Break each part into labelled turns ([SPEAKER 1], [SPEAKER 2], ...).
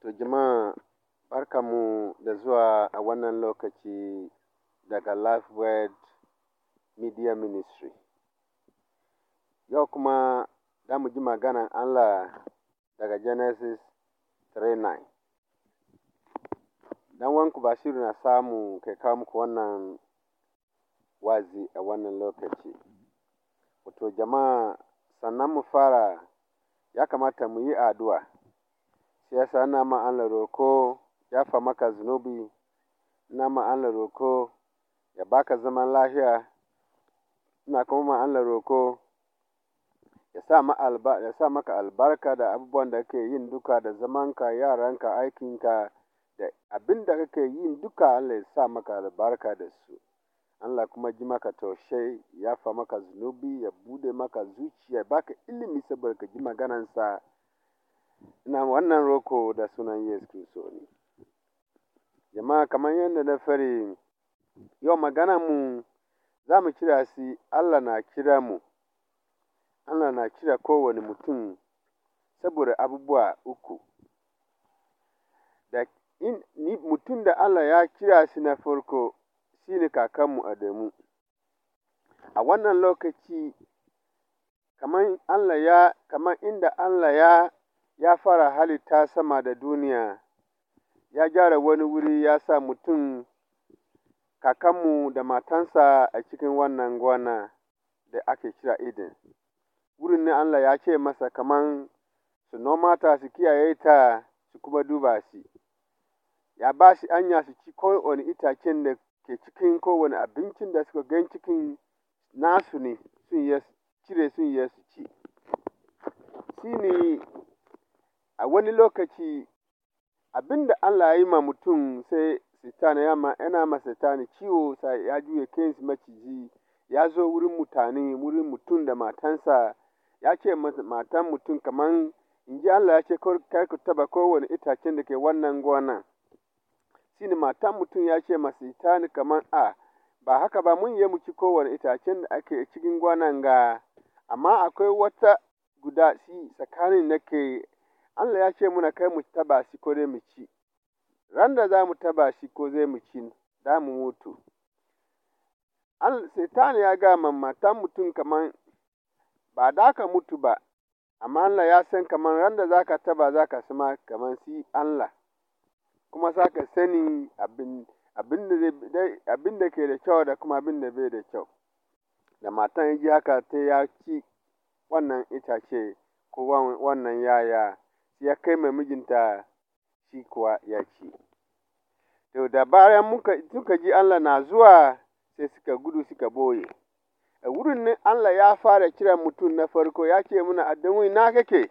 [SPEAKER 1] To jama'a barkamu da zuwa a wannan lokaci daga Life Word Media Ministry. Yau kuma za mu ji maganan Allah daga Genesis 3:9. Dan wanku Bashiru na samu kai kawo muku wannan wazi a wannan lokaci. Wato jama'a sannan mu fara ya kamata mu yi addu'a. ya sa ma Allah roko ya fa maka zunubi, na ma Allah ya baka zaman lafiya, ina kuma ma Allah ya sa, ma alba, ya sa maka albarka da abubuwan da kake yin duka da zamanka, yaranka, aikinka, da abin da kake yin duka Allah ya sa maka albarka da su. Allah kuma ji maka taushe, ya fa maka zunubi, ya bude maka zuciya, baka ilimi saboda ka ji maganansa. Ina wannan roko da sunan Yesu Kiristo ne. Jama'a kamar yadda na fari yau magana mu za mu kira shi Allah na kira mu. Allah na kira kowane mutum saboda abubuwa uku. Da mutum da Allah ya kira shi na farko shi ne kakanmu Adamu. A wannan lokaci kamar Allah ya kamar inda Allah ya ya fara halitta sama da duniya, ya gyara wani wuri ya sa mutum, kakanmu da matansa a cikin wannan gona da ake kira Eden. Wurin ne Allah ya ce masa kaman su noma ta, su kiyaye ta, su kuma duba shi. Ya ba shi anya su ci kowane itacen da ke cikin kowane abincin da suka gan cikin nasu ne, cire sun yi su ci. Shi ne A wani lokaci, abin da Allah ya yi ma mutum sai Satan yana ma Satan ciwo sai ya juya kansa maciji, ya zo wurin mutane, wurin mutum da matansa, ya ce matan mutum kaman in ji Allah ya ce kar ku taba kowane itacen da ke wannan gona. Shi ne matan mutum ya ce ma Satan kaman a ba haka ba mun yi mu ci kowane itacen da ake cikin gonan ga, amma akwai wata guda shi tsakanin nake Allah ya ce muna kai mu taba shi ko dai mu ci. Ran da za mu taba shi ko zai mu ci, da mu mutu. Satan ya ga matan mutum kaman ba da ka mutu ba, amma Allah ya san kaman ran za ka taba za ka sama kaman si Allah, kuma za ka sani abin da ke da kyau da kuma abin da bai da kyau. Da matan ya haka ta ya ci wannan itace ko wannan yaya ya kai mai mijinta shi kuwa ya ci. To da bayan muka suka ji Allah na zuwa sai suka gudu suka boye. A wurin nan Allah ya fara kiran mutum na farko ya ce mana Adamu na kake?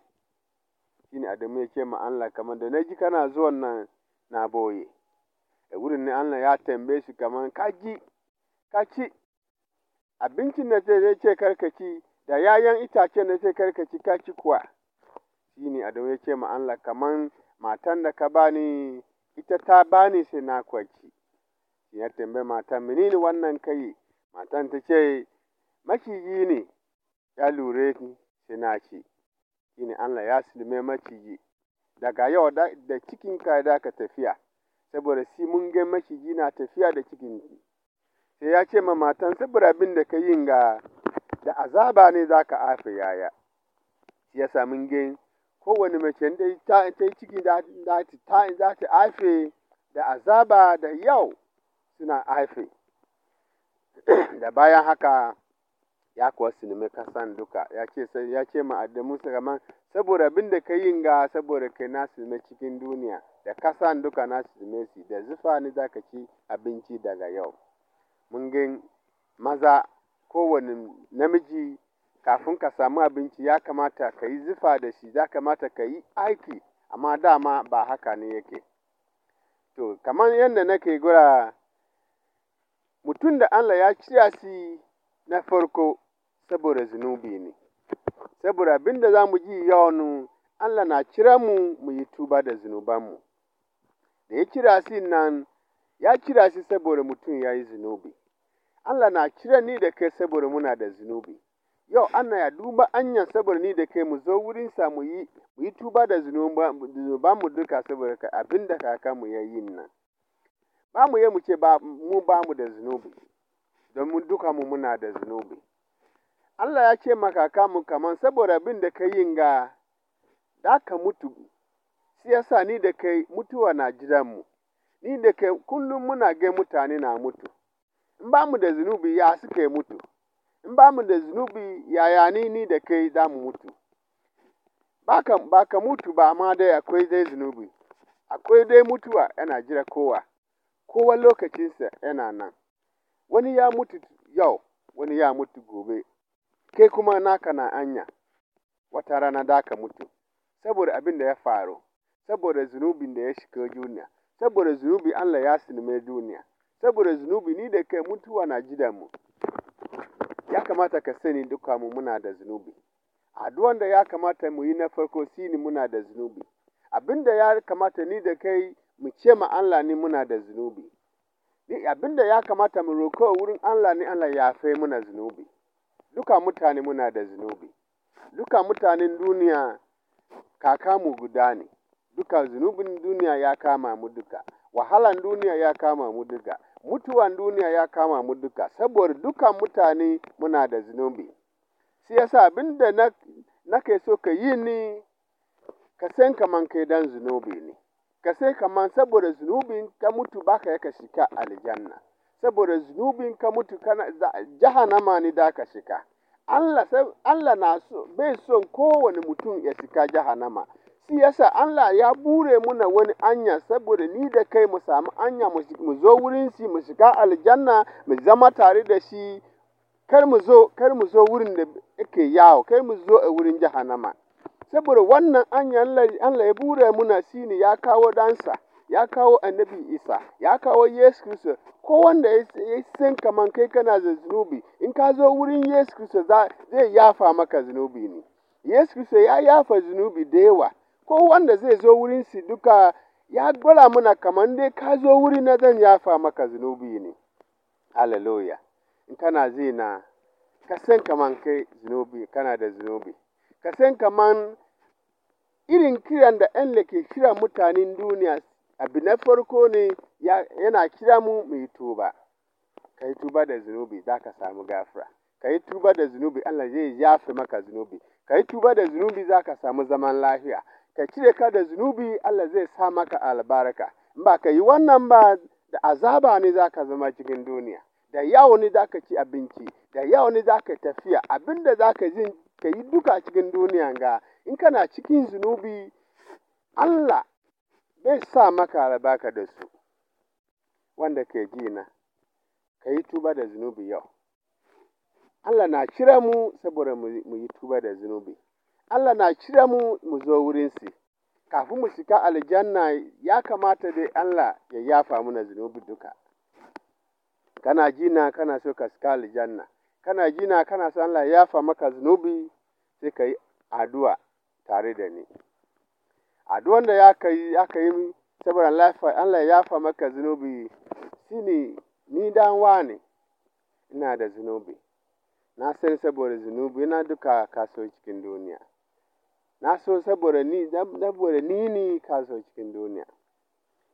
[SPEAKER 1] Shi ne Adamu ya ce ma Allah kamar da na ji kana zuwan nan na boye. A wurin nan Allah ya tambaye shi kamar ka ji ka ci abincin da zai ce karkaci da yayan itacen da zai karkaci ka ci kuwa. shi ne a ya ce ma Allah kaman matan da ka bani ita ta bani sai na kwaci ya tambaye matan menene wannan kai matan ta ce maciji ne ya lure ni sai na ce shi ne Allah ya silme maciji daga yau da cikin ka da ka tafiya saboda si mun ga maciji na tafiya da cikin ki sai ya ce ma matan saboda abin da ka yin ga da azaba ne za ka afe yaya ya samu gani. kowane mace in ta yi ciki za ta haife da azaba da yau suna haife. da bayan haka ya kuwa sinime kasan duka ya ce ya ce ma Musa kamar saboda abin da ka yin ga saboda kai na sinime cikin duniya da kasan duka na sinime su da zufa ni za ka ci abinci daga yau mun maza kowane namiji kafin ka samu abinci ya kamata ka yi zufa da shi ya kamata ka yi aiki amma dama ba haka ne yake to kamar yadda nake gura mutum da Allah ya ciya shi na farko saboda zunubi ne saboda abin da za mu ji yawan Allah na cira mu mu yi tuba da zunubanmu da ya cira shi nan ya cira shi saboda mutum ya yi zunubi Allah na cire ni da kai saboda muna da zunubi Yau ana ya duba anya saboda ni da kai mu zo sa mu yi mu yi tuba da mu duka saboda abin da mu ya yi nan. Ba mu yi mu ce ba mu ba mu da zunubi, domin duka mu muna da zunubi. Allah ya ce makaka mu kaman saboda abin da ka yin ga da ka mutu, shi yasa ni da kai mutuwa na mu ni da kai kullum muna ga mutane na mutu. In ba mu da zunubi ya suka mutu. in ba mu da zunubi yaya ni ni da kai za mu mutu ba ka mutu ba amma dai akwai dai zunubi akwai dai mutuwa yana jira kowa kowa lokacinsa yana nan wani ya mutu yau wani ya mutu gobe kai kuma naka na anya wata rana da ka mutu saboda abin da ya faru saboda zunubin da ya shiga duniya saboda zunubi Allah ya sinime duniya saboda zunubi ni da kai mutuwa na jidanmu. mu ya kamata ka sani duka mu muna da zunubi addu'an da ya kamata mu yi na farko sini muna da zunubi abin da ya kamata ni da kai mu ce ma Allah ni muna da zunubi abin da ya kamata mu roko wurin Allah ni Allah ya fai muna zunubi duka mutane muna da zunubi duka mutanen duniya kaka mu guda ne duka zunubin duniya ya kama mu duka wahalan duniya ya kama mu duka Mutuwan duniya ya kama mu duka, saboda dukan mutane muna da zunubi. Shi yasa abin da nake so ka yi ni, ka san kaman kai dan zunubi ne, ka sai kaman saboda zunubin ka mutu baka yaka shika aljanna, saboda zunubin ka mutu jahanama jahannama ne da ka shika. Allah, na so, bai son kowane mutum ya shika jahanama. Shi yasa Allah ya bure muna wani anya saboda ni da kai mu samu anya mu zo wurin shi mu shiga aljanna mu zama tare da shi kar mu zo kar mu zo wurin da yake yawo kar mu zo a wurin jahannama saboda wannan anya Allah ya bure muna shine ya kawo dansa ya kawo annabi isa ya kawo yesu kristo ko wanda ya san kaman kai kana da zunubi in ka zo wurin yesu kristo zai yafa maka zunubi ne yesu kristo ya yafa zunubi da yawa ko wanda zai zo wurin su duka ya gwala mana kamar dai ka zo wuri na zan yafa maka zunubi ne. Hallelujah. In kana zina, ka san kamar kai zunubi, kana da zunubi. Ka san kaman irin kiran da ‘yan da ke kira mutanen duniya, abu na farko ne yana kira mu mu tuba. Ka yi tuba da zunubi, za ka samu gafara. Ka yi tuba da zunubi, Allah zai yafe maka zunubi. Ka yi tuba da zunubi, za ka samu zaman lafiya. ka cire ka da zunubi Allah zai sa maka albarka in ba ka yi wannan ba da azaba ne za ka zama cikin duniya da yawo ne za ka ci abinci da yawo ne za ka tafiya abin da za ka ji ka yi duka cikin duniya ga in kana cikin zunubi Allah bai sa maka albarka da su wanda ke ji na ka yi tuba da zunubi yau Allah na cire mu saboda mu yi tuba da zunubi Allah na kira mu mu zo wurinsa. Kafin mu shiga aljanna ya kamata dai Allah ya yafa mana zunubi duka. Kana jina kana so ka shiga aljanna, kana jina kana so Allah ya yafa maka zunubi sai ka yi addu'a tare da ni. Addu'an da ya ka yi saboda Allah ya yafa maka zunubi shine ni dan wane ina da zunubi. Na san saboda zunubi na duka kaso cikin duniya. na so saboda ni saboda ni ne ka so cikin duniya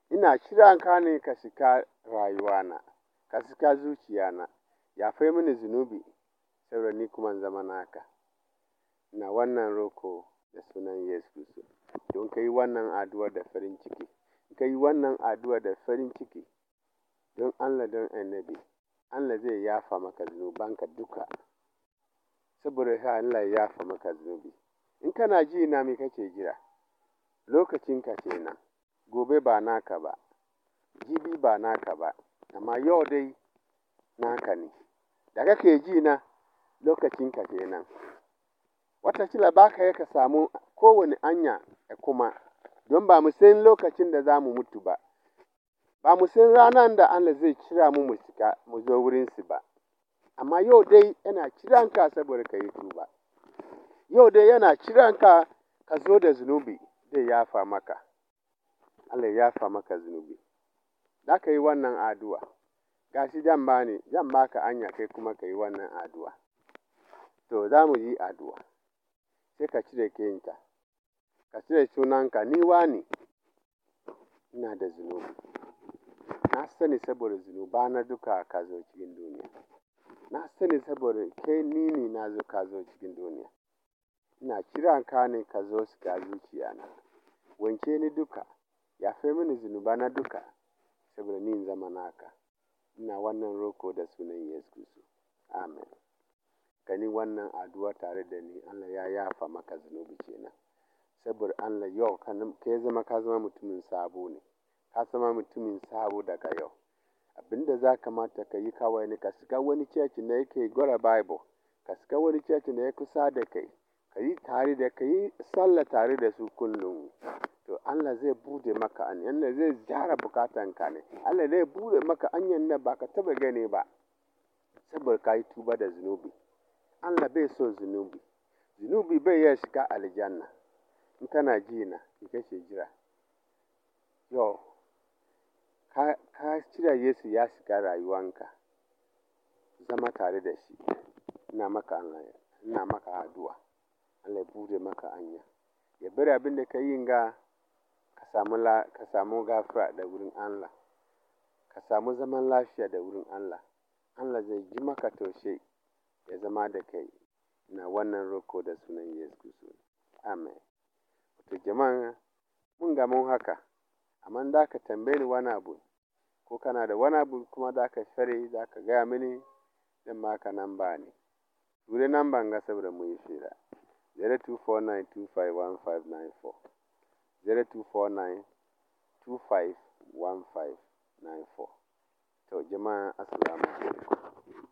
[SPEAKER 1] ina kiran ka ne ka shiga rayuwana ka shiga zuciyana ya fai mini zunubi saboda ni kuma zama naka na wannan roko da sunan Yesu Kristo don ka yi wannan addu'a da farin ciki kai yi wannan addu'a da farin ciki don Allah don annabi Allah zai yafa maka zunubanka duka saboda Allah ya yafa maka zunubi In kana ji na me kake jira? Lokacinka kenan, gobe ba naka ba, jibi ba naka ba, amma yau dai naka ne. Da kake ji na lokacinka kenan. Watakila ba ka ka samu kowane anya da kuma, don ba mu san lokacin da za mu mutu ba, ba mu san ranar da Allah zai cira mu mu zo mu zo wurinsu ba, amma yau dai yana kiranka saboda ka yi tuba. Yau dai yana kiranka ka zo da zunubi zai yafa maka. Allah ya yafa maka zunubi. Za ka yi wannan addu'a. Ga shi zan ba ni, zan ba ka hanya kai kuma ka yi wannan addu'a. To za mu yi addu'a. Sai ka cire kenta ka cire sunanka, ni wani ina da zunubi. Na sani saboda na duka ka zo cikin duniya. Na sani saboda kai ni na zo ka zo cikin duniya. Ina ka ne ka zo ga zuciyana, wanke ni duka, yafe mini zunuba na duka, saboda ni zama naka. Ina wannan roko da sunan Yesu Amen. Gani wannan addu'a tare da ni, Allah ya yafa maka zunubi kenan. Saboda Allah yau ka zama ka zama mutumin sabo ne. Ka zama mutumin sabo daga yau. Abin da za kamata ka yi kawai ne ka shiga wani coci da yake gwara Bible, ka shiga wani coci da ya kusa da kai. ka yi tare da ka yi sallah tare da su kullum to Allah zai bude maka an yanda zai jara ka ne Allah zai bude maka anyan da ba ka taba gane ba saboda ka yi tuba da zunubi Allah bai so zunubi zunubi bai ya shiga aljanna in tana ji na in kashe jira yo ka ka cire Yesu ya shiga rayuwanka zama tare da shi ina maka ina maka addu'a Allah ya buɗe maka anya ya bari abin da ka yin ga ka samu ka samu gafara da wurin Allah ka samu zaman lafiya da wurin Allah Allah zai ji maka taushe ya zama da kai na wannan roko da sunan Yesu amen to jama'a mun ga mun haka amma da ka tambaye ni wani abu ko kana da wani abu kuma da ka share za ka gaya mini dan maka namba ne nan ban ga saboda mu yi shira 0249251594 0249251594 to jama'a assalamu alaikum